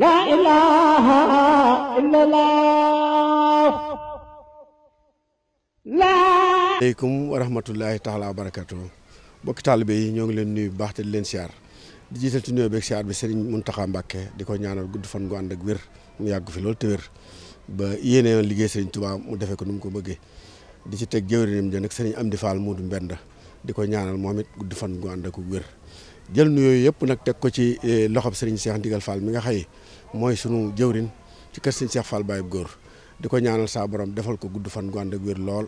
la ilaha illallah la aleykum wa rahmatullahi yi ñoo ngi leen nuy bu baax te di leen siyaar di jiital ci nuyoo beeg siyaar bi mun Mountakha Mbacké di ko ñaanal gudd fan gu ànd ak wér mu yàgg fi loolu te wér ba yéene yoon liggéey Serigne Touba mu defee ko nu mu ko bëggee di ci teg jëwriñam ja nag Serigne Amdi Fall Moodu Mbenda di ko ñaanal moom it gudd fan gu ànd ak wér jël nu yooyu yëpp nag teg ko ci eh, loxob sëriñ Cheikh Ndigal Fall mi nga xëy mooy sunu jëwrin ci kër sëriñ Cheikh Fall Baye góor di ko ñaanal saa borom defal ko gudd fan gu ànd ak wér lool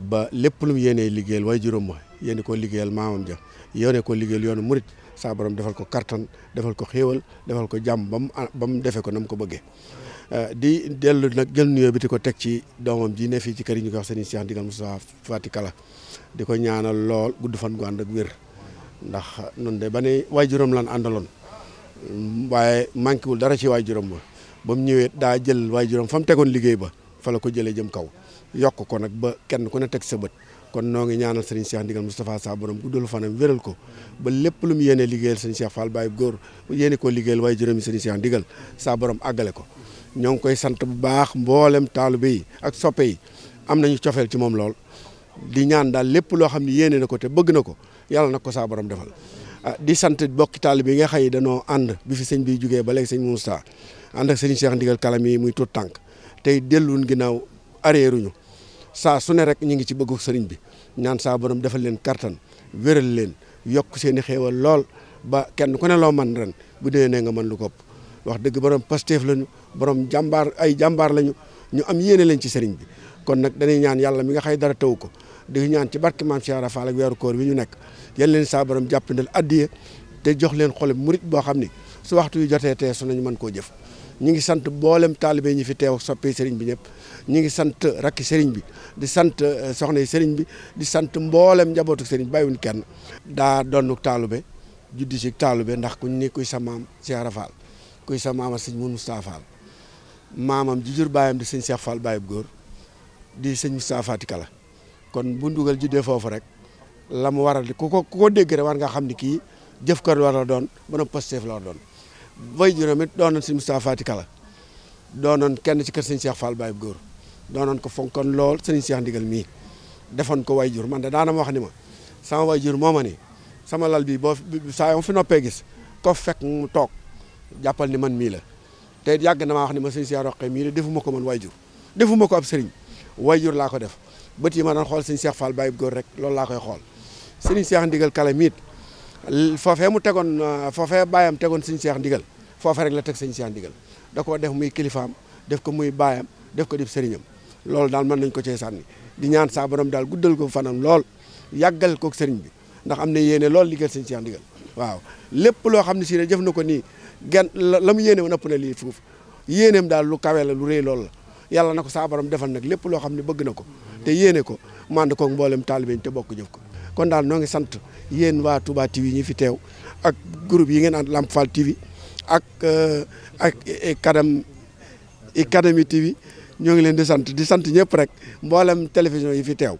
ba lépp lu mu yéenee liggéeyal way juróom ma yéene ko liggéeyal maamam ja yéene ko liggéeyal yoonu murit saa borom defal ko kartan defal ko xéewal defal ko jàmm ba mu ba mu defee ko na ko bëggee eh, di dellu nag jël nuyoo bi di ko teg ci doomam ji ne fii ci kër yi ñu ko wax sëriñ Cheikh Ndigal Moussa Fatikala di ko ñaanal lool gudd fan gu ànd ak wér ndax nun de ba ne waajuram lan àndaloon waaye manqué wul dara ci waajuram ma ba mu ñëwee daa jël waajuram fa mu tegoon liggéey ba fa la ko jëlee jëm kaw yokk ko nag ba kenn ku ne teg sa bët kon noo ngi ñaanal sëriñ Cheikh Ndigal Moustapha Sa borom guddal fanam wéral ko ba lépp lu mu yéene liggéeyal sëriñ Cheikh Fall Baye góor yéene koo liggéeyal waajuram yi sëriñ Cheikh Ndigal Sa borom àggale ko ñoo ngi koy sant bu baax mbooleem taalibe yi ak soppe yi am nañu cofeel ci moom lool di ñaan daal lépp loo xam ne yéene na ko bëgg na ko yàlla nag ko saa borom ah di sant bokki taalibe bi nga xëy danoo ànd bi fi sëñ bi jugee ba léegi sëñ Moussa ànd ak sëñ Cheikh Ndigal kalam yi muy tuut tànk tey delluwun ginnaaw areeruñu saa su ne rek ñu ngi ci bëggu sëriñ bi ñaan saa borom defal leen kattan wéral leen yokk seen i xéewal lool ba kenn ku ne loo man ren bu dee nee nga mën lu kopp wax dëgg borom Pastef lañu borom jàmbaar ay jàmbaar lañu ñu am yéene lañ ci sëriñ bi kon nag dañuy ñaan yàlla mi nga xëy dara taw ko di ñaan ci barke maam Cheikh ak weeru koor bi ñu nekk yal leen saa borom jàppandal addiye te jox leen xolub murit boo xam ni su waxtu yi jotee tee su nañu mën koo jëf ñu ngi sant boolem taalibe ñu fi teew soppi sëriñ bi ñëpp ñu ngi sant rakki sëriñ bi di sant euh, soxna yi sëriñ bi di sant mboolem njabootu sëriñ bi bàyyiwuñ kenn daa donnu taalube juddi ci taalube ndax kuñ ni kuy sa maam Cheikh kuy sa maama sëñ mun Moustapha Fall maamam ji di sëñ Cheikh Fall baayub góor di sëñ Moustapha kon bu ndugal juddee foofu rek la mu waral ku ko ku ko dégg rek war ngaa xam ni kii jëfkat war la doon mën a Pastef la war doon way juróom doon doonoon si Moustapha Fati Kala doonoon kenn ci kër sëñ Cheikh Fall Baye góor doonoon ko fonkoon lool sëñ Cheikh ndigal mii defoon ko way jur man de daana ma wax ni ma sama way jur moo ma ni sama lal bii boo saa yoo fi noppee gis ko fekk mu toog jàppal ni man mii la te yàgg na maa wax ni ma sëñ Cheikh Roqe mii la defuma ko man way jur defuma ko ab sëriñ way jur laa ko def bët yi ma daan xool sëñ Cheikh Fall Baye góor rek loolu laa koy xool sëñ Cheikh Ndigal kalam it foofee mu tegoon euh, foofe baayam tegoon sëñ Cheikh Ndigal foofee rek la teg sëñ Cheikh Ndigal da koo def muy kilifaam def ko muy baayam def ko dib sëriñam loolu daal mën nañ ko cee sànni di ñaan saa borom daal guddal ko fanaan lool yàggal ko sëriñ bi ndax am na yéene lool liggéeyal sëñ Cheikh Ndigal waaw lépp loo xam ne si ne jëf na ko nii gen la mu yéene woon ëpp na lii fuuf yéeneem daal lu kawe la lu rëy loolu la yàlla na ko saa borom defal lépp loo xam ne bëgg na ko te yéene ko mànd koog mboolem taalibe te bokk jëf ko kon daal noo ngi sant yéen waa Touba TV ñi fi teew ak group yi ngeen ànd Lamp Fall TV ak euh, ak kadam Académie TV ñoo ngi leen di sant di sant ñëpp rek mboolem télévision yi fi teew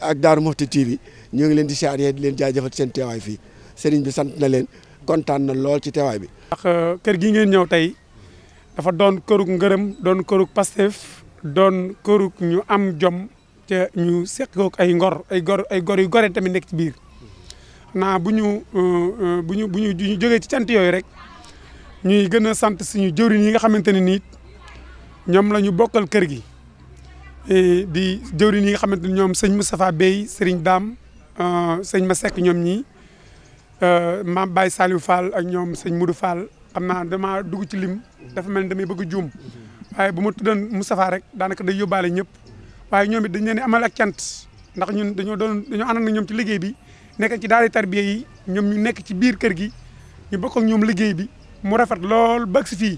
ak Daaru Muxti TV ñoo ngi leen di siyaare di leen jëfal seen teewaay fii sëriñ bi sant na leen kontaan na lool ci teewaay bi. Euh, kër gi ngeen ñëw tey dafa doon kërug ngërëm doon kërug Pastef doon kërug ñu am jom. te ñu seq kook ay ngor ay gor ay gor yu gore tamit nekk ci biir naa euh, euh, bu ñu bu ñu bu ñu jógee ci cant yooyu rek ñuy gën a sant suñu jëwriñ yi nga xamante ne nii ñoom la ñu bokkal kër gi e, di jëwriñ yi nga xamante ni ñoom sëñ Moustapha Bey sëriñ Daam euh, sëñ ma sekk ñoom ñii maam Baye Saliou Fall ak ñoom sëñ Modou Fall xam naa damaa dugg ci lim dafa mel ni damay bëgg juum waaye bu ma tuddoon Moustapha rek daanaka day yóbbaale ñëpp waaye ñoom it dañ leen amal ak cant ndax ñun dañoo doon dañoo ànd ak ñoom ci liggéey bi nekk ci daara tarbiya yi ñoom ñu nekk ci biir kër gi ñu bokk ak ñoom liggéey bi mu rafet lool bëgg si fii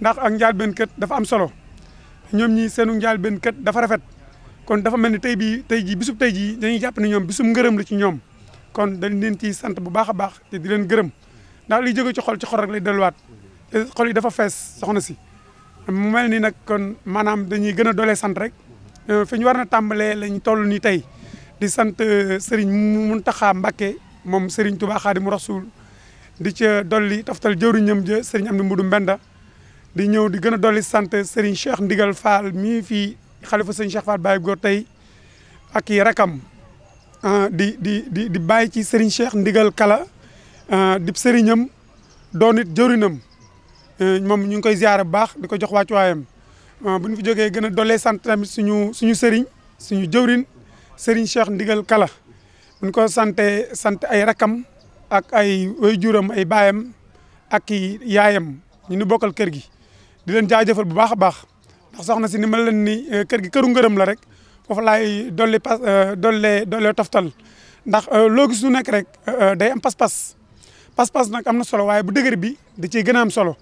ndax ak njaal benn kët dafa am solo ñoom ñi seenu njaal benn kët dafa rafet kon dafa mel ni tey bii tey jii bisub tey jii dañuy jàpp ne ñoom bisub ngërëm lu ci ñoom kon dañ leen ciy sant bu baax a baax te di leen gërëm ndax liy jóge ci xol ci xol rek lay delluwaat xol yi dafa fees soxna si mu mel nag kon maanaam dañuy gën a doole sant rek Euh, fi ñu war na tàmbalee lañ toll ni tey di sant euh, Serigne taxa Mbacké moom Serigne Touba Khadimu Rasoul di ca dolli taftal jëwriñam ja Serigne Amdi Mbudu Mbenda di ñëw di gën a dolli sant Serigne Cheikh Ndigal Fall mii fii xalifa Serigne Cheikh Fall Baye Góor tey ak i rakam ah, di di di di bàyyi ci Serigne Cheikh Ndigal Kala ah, di sëriñam doonit it euh, moom ñu ngi koy ziar bu baax di ko jox wàccuwaayam Euh, bu ñu fi jogee gën a dolle sant tamit suñu suñu sëriñ suñu jëwrin sëriñ Cheikh Ndigal Kala bu ñu ko sante sant ay rakam ak ay juram ay baayam ak i yaayam ñu ni bokkal kër gi di leen jaajëfal bu baax a baax ndax soxna si ni ma leen ni euh, kër gi këru ngërëm la rek foofu laay dolli pas euh, dollee dollee toftal ndax loo gis lu nekk rek day am pas-pas pas-pas nag am na solo waaye bu dëgër bi da ciy gën a am solo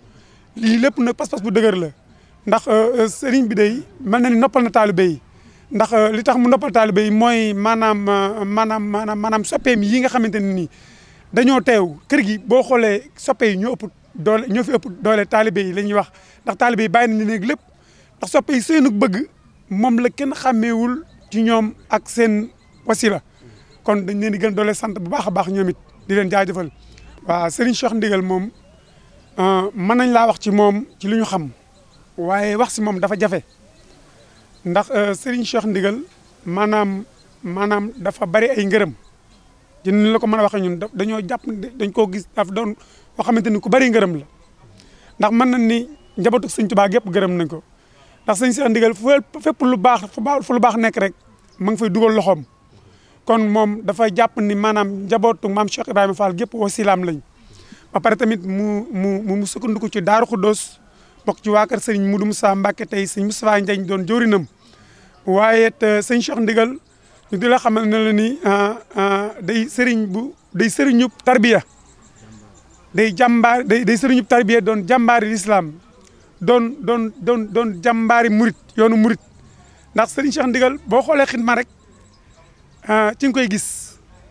lii lépp nag pas-pas bu dëgër la ndax euh, euh, sëriñ bi day mën na ni noppal na taalibe yi ndax euh, li tax mu noppal taalibe yi mooy maanaam maanaam maanaam maanaam soppeem yi nga xamante ne nii dañoo teew kër gi boo xoolee soppe yi ñoo ëpp doole ñoo fi ëpp doole taalibe yi la ñuy wax ndax taalibe yi na nañu néeg lépp ndax soppe yi seenu bëgg moom la kenn xàmmeewul ci ñoom ak seen wasila kon dañ leen di gën doole sant bu baax a baax ñoom it di leen jaajëfal waaw Serigne Cheikh Ndigal moom mën nañ laa wax ci moom ci li ñu xam waaye wax si moom dafa jafe ndax euh, Serigne Cheikh Ndigal maanaam maanaam dafa bari ay ngërëm jënd la ko mën a waxee ñun dañoo jàpp dañ koo gis daf doon boo xamante ni ku bari ngërëm la ndax mën nañ ni njabootu Sëñ Tuubaa yëpp gërëm nañ ko ndax Sëñ Cheikh Ndigal fépp lu baax fu lu baax nekk rek ma ngi fay dugal loxoom kon moom dafa jàpp ni maanaam njabootu maam Cheikh Ibrahima Fall gépp wasilaam lañ ba pare tamit mu mu mu sukkandiku ci Daaru Xuddoos bokk ci waa kër sëriñ Moudou Moussa Mbacke tey sëñ Moustapha Ndiagne doon jëwriñam waaye it euh, sëñ Cheikh Ndigal ñu di la xamal ne la ni euh, euh, day sëriñ bu day sëriñub tarbiya day jàmbaar day day sëriñub tarbiya doon jàmbaari lislaam doon doon doon doon jàmbaari murit yoonu murit ndax sëriñ Cheikh Ndigal boo xoolee xidma rek ci nga koy gis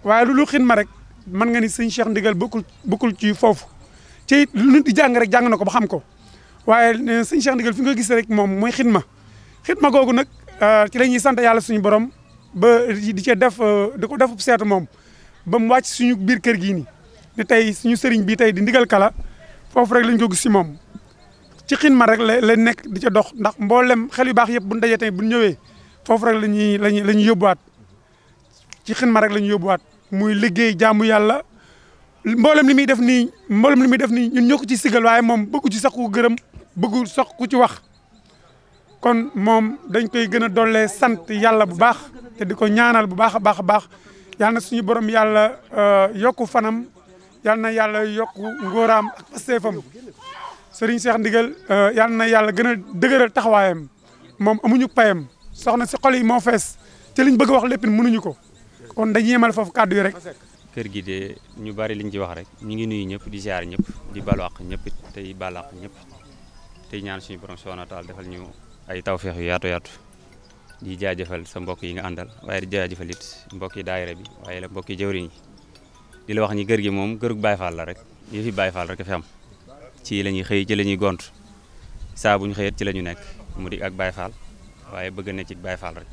waaye lu lu xidma rek mën nga ni sëriñ Cheikh Ndigal bokkul bokkul ci foofu ci lu nit di jàng rek jàng na ko ba xam ko waaye eh, sëñ Cheikh Ndigal fi nga gis rek moom mooy xidma xidma googu nag ah, ci la ñuy sant yàlla suñu borom ba di cee def eh, di ko def seetu moom ba mu wàcc suñu biir kër gii nii tey suñu sëriñ bii tey di ndigal kala foofu rek lañ ko gis si moom ci xidma rek la la nekk di ca dox ndax mboolem xel yu baax yëpp buñ dajee bu buñ ñëwee foofu rek la ñuy la ñuy la ñuy yóbbuwaat ci xidma rek la ñuy yóbbuwaat muy liggéey jaamu yàlla mboolem li muy def nii mboolem li muy def nii ñun ñoo ko ci sigal waaye moom bëggu ci sax ku gërëm bëggu sax ku ci wax kon moom dañ koy gën a dollee sant yàlla bu baax te di ko ñaanal bu baax a baax a baax yal na suñu borom yàlla euh, yokku fanam yal na yàlla yokku ngóoraam ak pasteefam sëriñ Cheikh Ndigal euh, yal na yàlla gën a dëgëral taxawaayam moom amuñu payam soxna si xol yi moo fees te liñ bëgg wax lépp mënuñu ko kon dañu yemal foofu kàddu yi rek. kër gi de ñu bari liñ ci wax rek ñu ngi nuyu ñëpp di ziar ñëpp di balu àq ñëpp tey balu àq ñëpp tey ñaan suñu borom subhanahu wa defal ñu ay tawfeex yu yaatu yaatu di jaajëfal sa mbokk yi nga àndal waaye di jaajëfal it mbokk yi daayira bi waaye la mbokk yi jëwriñ yi di la wax ñi kër gi moom kërug Baay Faal la rek yëfi Baay Faal rek a fi am ci la ñuy xëy ci la ñuy gont saa bu ñu xëyat ci la ñu nekk mu di ak Baay Faal waaye bëgg na ci Baay Faal rek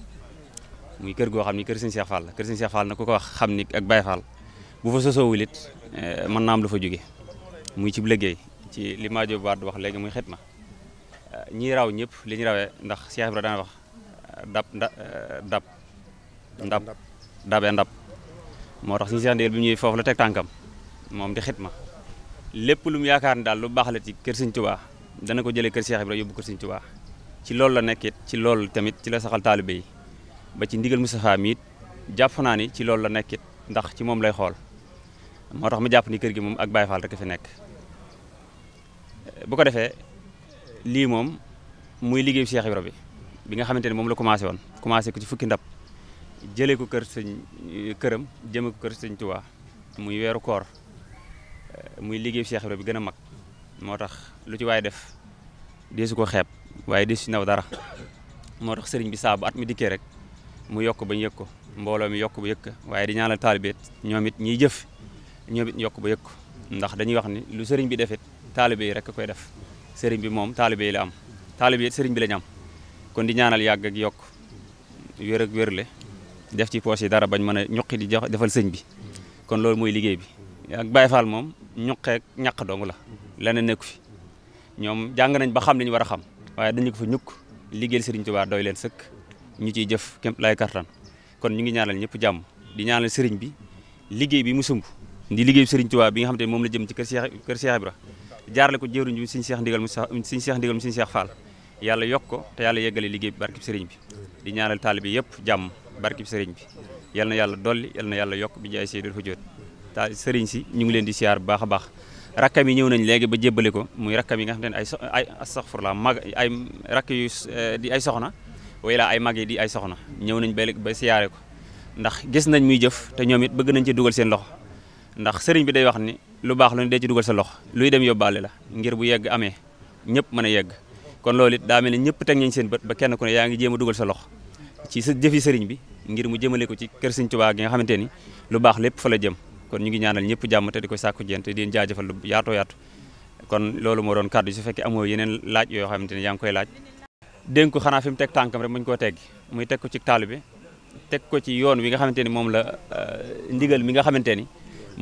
muy kër goo xam ni kër Sëñ Cheikh Fall la kër Sëñ Cheikh na ku ko wax xam ni ak Baay bu fa sosoowul it eh, naa am lu fa jóge muy cib liggéey ci li Maajo Baad wax léegi muy xitma eh, ñiy raw ñëpp li ñu rawee ndax Cheikh Ibra daan wax eh, dab nda dab ndab dabee ndab moo tax suñu Cheikh bi ñuy foofu la teg tànkam moom di xitma lépp lu yaakaar ne daal lu baax la ti kër Sëñ Tuubaa dana ko jëlee kër Cheikh Ibra yóbbu kër Sëñ Tuubaa ci loolu la nekkit ci loolu tamit ci la saxal taalibe ba ci ndigal Moustapha mi it jàpp naa ni ci loolu la nekkit ndax ci moom lay xool moo tax mu jàpp ni kër gi moom ak Baye Fall rek fi nekk bu ko defee lii moom muy liggéey Cheikh Ibra bi bi nga xamante ni moom la commencé woon commencé ko ci fukki ndab jëlee ko kër sëñ këram jëme kër sëñ muy weeru koor muy liggéeyu Cheikh bi gën a mag moo tax lu ci waay def deesu ko xeeb waaye deesu naw dara moo tax sëriñ bi saabu at mi dikkee rek mu yokk ba ñu yëg ko mbooloo mi yokk ba yëg ko waaye di ñaanal taalibeet ñoom it jëf ñoom it yokk ba yëkk ndax dañuy wax ni lu sëriñ bi defit taalibe yi rek koy def sëriñ bi moom taalibe yi la am taalibe yi sëriñ bi lañ ñu am kon di ñaanal yàgg ak yokk wér ak le def ci poos yi dara bañ mën a ñuqi di defal sëñ bi kon loolu mooy liggéey bi ak Baye Fall moom ñuqeek ñàq dong la leneen nekk fi ñoom jàng nañ ba xam li war a xam waaye dañu ko fa ñukk liggéeyal Sëriñ waa doy leen sëkk ñu ciy jëf képp lay kartan kon ñu ngi ñaanal ñëpp jàmm di ñaanal sëriñ bi liggéey bi mu sumb di liggéey Serigne waa bi nga xam te moom la jëm ci kër Cheikh kër ko jëwriñ bi Serigne Cheikh Ndigal mu Serigne Cheikh Ndigal mu Serigne Cheikh Fall yàlla yokk ko te yàlla yeggale liggéey bi barkib Serigne bi di ñaanal taalibe yëpp jàmm bi Serigne bi yal na yàlla dolli yal na yàlla yokk bi jaay sey fa jóot ta Serigne si ñu ngi leen di siyaar bu baax a baax rakkam yi ñëw nañ léegi ba jébbale ko muy rakkam yi nga xam te ne ay ay astaghfirullah mag ay rakk yu eh, di ay soxna wala ay mag yi ay soxna ñëw nañ ba siyaare ko ndax gis nañ muy jëf te ñoom it bëgg nañ ci dugal seen loxo ndax sëriñ bi day wax ni lu baax lu ne dee ci dugal sa lox luy dem yóbbaale la ngir bu yegg amee ñëpp mën a yegg kon loolu it daa mel ni ñëpp teg nañ seen bët ba kenn ku ne yaa ngi jéem a dugal sa lox ci sa jëfi sëriñ bi ngir mu jëmale ko ci kër sëriñ Tuubaa gi nga xamante ni lu baax lépp fa la jëm kon ñu ngi ñaanal ñëpp jàmm te ko sàkku jeen te di leen jaajëfal yaatu kon loolu moo doon kàddu su fekkee amoo yeneen laaj yoo xamante ni koy laaj dénk xanaa fi mu teg tànkam rek muñ koo teggi muy teg ko ci taalibe teg ko ci yoon wi nga xamante ni moom la euh, ndigal mi nga xamante ni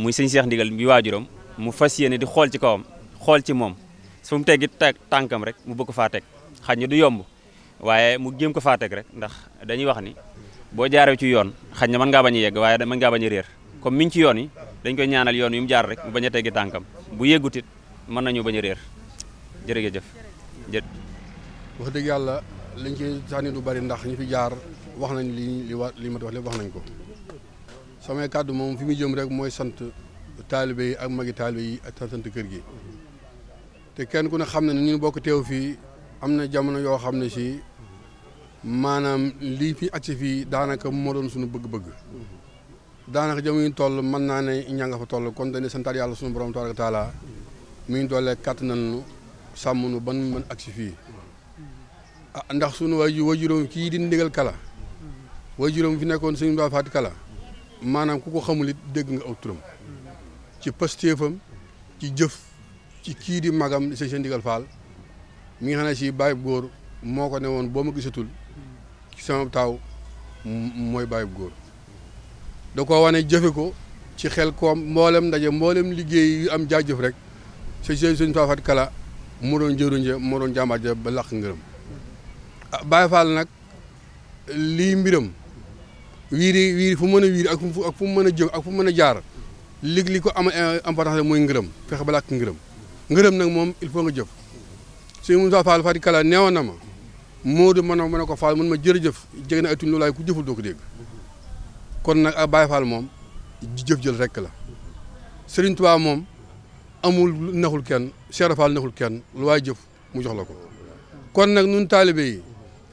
muy sëñ Cheikh Ndigal bi waajuram mu fas yéene di xool ci kawam xool ci moom fu mu teggi tànkam rek mu bëgg ko faa teg xaj na du yomb waaye mu jéem ko faa teg rek ndax dañuy wax ni boo jaaree ci yoon xañ na mën ngaa bañ a yegg waaye man ngaa bañ a réer comme mi ñu ci yoon yi dañ koy ñaanal yoon yu mu jaar rek mu bañ a teggi tànkam bu yeggutit mën nañu bañ a réer jërëjëf jë wax dëgg yàlla liñ ci sànni du bari ndax ñu fi jaar wax nañ li li wa li ma wax wax nañ ko samay kàddu moom fi muy jëm rek mooy sant taalibe yi ak magi taalibe yi ak sant kër gi te kenn ku ne xam ne ñu bokk teew fii am na jamono yoo xam ne si maanaam lii fi agsi fii daanaka moo doon suñu bëgg-bëgg daanaka jamono yi toll mën naa ne ña nga fa toll kon dañuy santaat yàlla suñu borom tabaraka taala mi ngi doolee kàtt nañu sàmm nu ban mën agsi fii ah ndax sunu waaju waajuróom kii di ndigal kala waajuróom fi nekkoon suñu ba faat kala maanaam ku ko xamul it dégg nga aw ci pastéefam ci jëf ci kii di magam sëñ Ndigal Fall mi nga xam ne si bàyyi góor moo ko ne woon boo ma gisatul ci sama taaw mooy bu góor da koo wane jëfe ko ci xel koom mboolem ndaje mboolem liggéey yu am jaajëf rek sëñ sëñ Faafat Kala moo doon jëruñe moo doon jàmbaat ja ba lakk ngërëm ah Baye nag lii mbiram wiiri wiiri fu mën a wiiri ak fu ak mën a jóg ak fu mën a jaar li li ko am eh, importance la mooy ngërëm fexe balaa làkk ngërëm ngërëm nag moom il faut nga jëf suñu Moussa Fall Fadi Kala neewoon na ma Moodu mën a mën a ko Fall mën ma jërëjëf jege na ay tuñ loolaay kon nag ak Baye jëf jël rek la Serigne Touba moom amul naxul kenn Cheikh Fall naxul kenn lu waay jëf mu jox la ko kon nag nun taalibe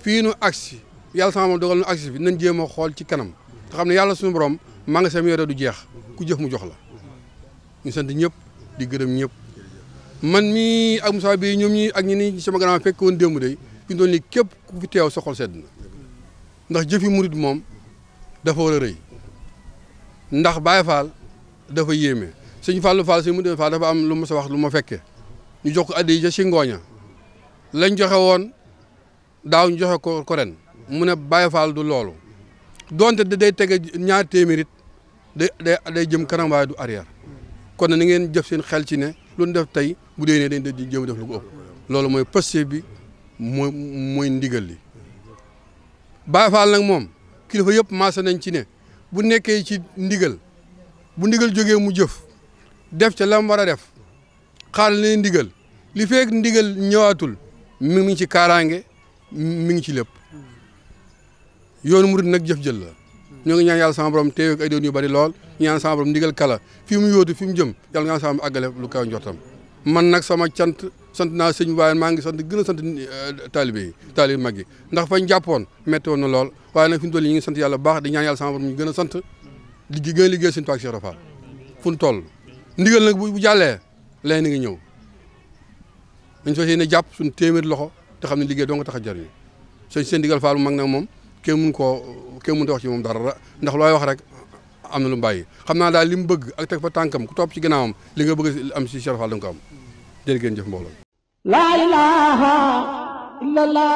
fii nu agsi yàlla sama moom dogal na accès bi nañ jéem xool ci kanam te xam ne yàlla suñu borom maa nga sam yore du jeex ku jëf mu jox la ñu sant ñëpp di gërëm ñëpp man mi ak Moussa bi ñoom ñi ak ñi ni sama gannaaw fekk woon démb day fi doon ni képp ku fi teew sa xol sedd na ndax moom dafa war rëy ndax Baye Fall dafa yéeme sëñ Fallou Fall sëñ Moudou Fall dafa am lu ma sa wax lu ma fekke ñu jox ko addi ja si ngooña lañ joxe woon daaw ñu joxe ko ko ren mu ne Baye Fall du loolu donte day tege ñaar téeméer it day day jëm kanam waaye du arrière kon na ngeen jëf seen xel ci ne lu ñu def tey bu dee ne dañ da jëm def lu ko loolu mooy passé bi mooy ndigal li Baye Fall nag moom kilifa yëpp maase nañ ci ne bu nekkee ci ndigal bu ndigal jógee mu jëf def ca lam war a def xaar leen ndigal li feek ndigal ñëwaatul mi ngi ci kaaraange mi ngi ci lépp yoonu murid nag jëf jël la ñoo ngi ñaan yàlla sama borom teew ak ay doon yu bari lool ñaan sama borom ndigal kala fi mu yóotu fi mu jëm yàlla nga sama borom àggale lu kaw njortam man nag sama cant sant naa sëñ waaye maa ngi sant gën a sant eh, taalibe yi taalibe mag yi ndax fañ jàppoon métti woon lool waaye nag fi mu toll yi ngi sant yàlla bu baax di ñaan yàlla sama borom a sant di gën liggéey sëñ Tuubaa Cheikh Rafal fu ñu toll ndigal nag bu jàllee leen na ngi ñëw dañ fas yéene jàpp téeméer loxo te xam ne liggéey doo tax a jariñu sëñ seen digal faalu mag nag moom kenn mun na lu mu xam naa daal li bëgg ak teg fa tànkam ku topp ci gannaawam li nga bëgg am si Cheikh Fall da nga ko am jërë ngeen ilaaha illallah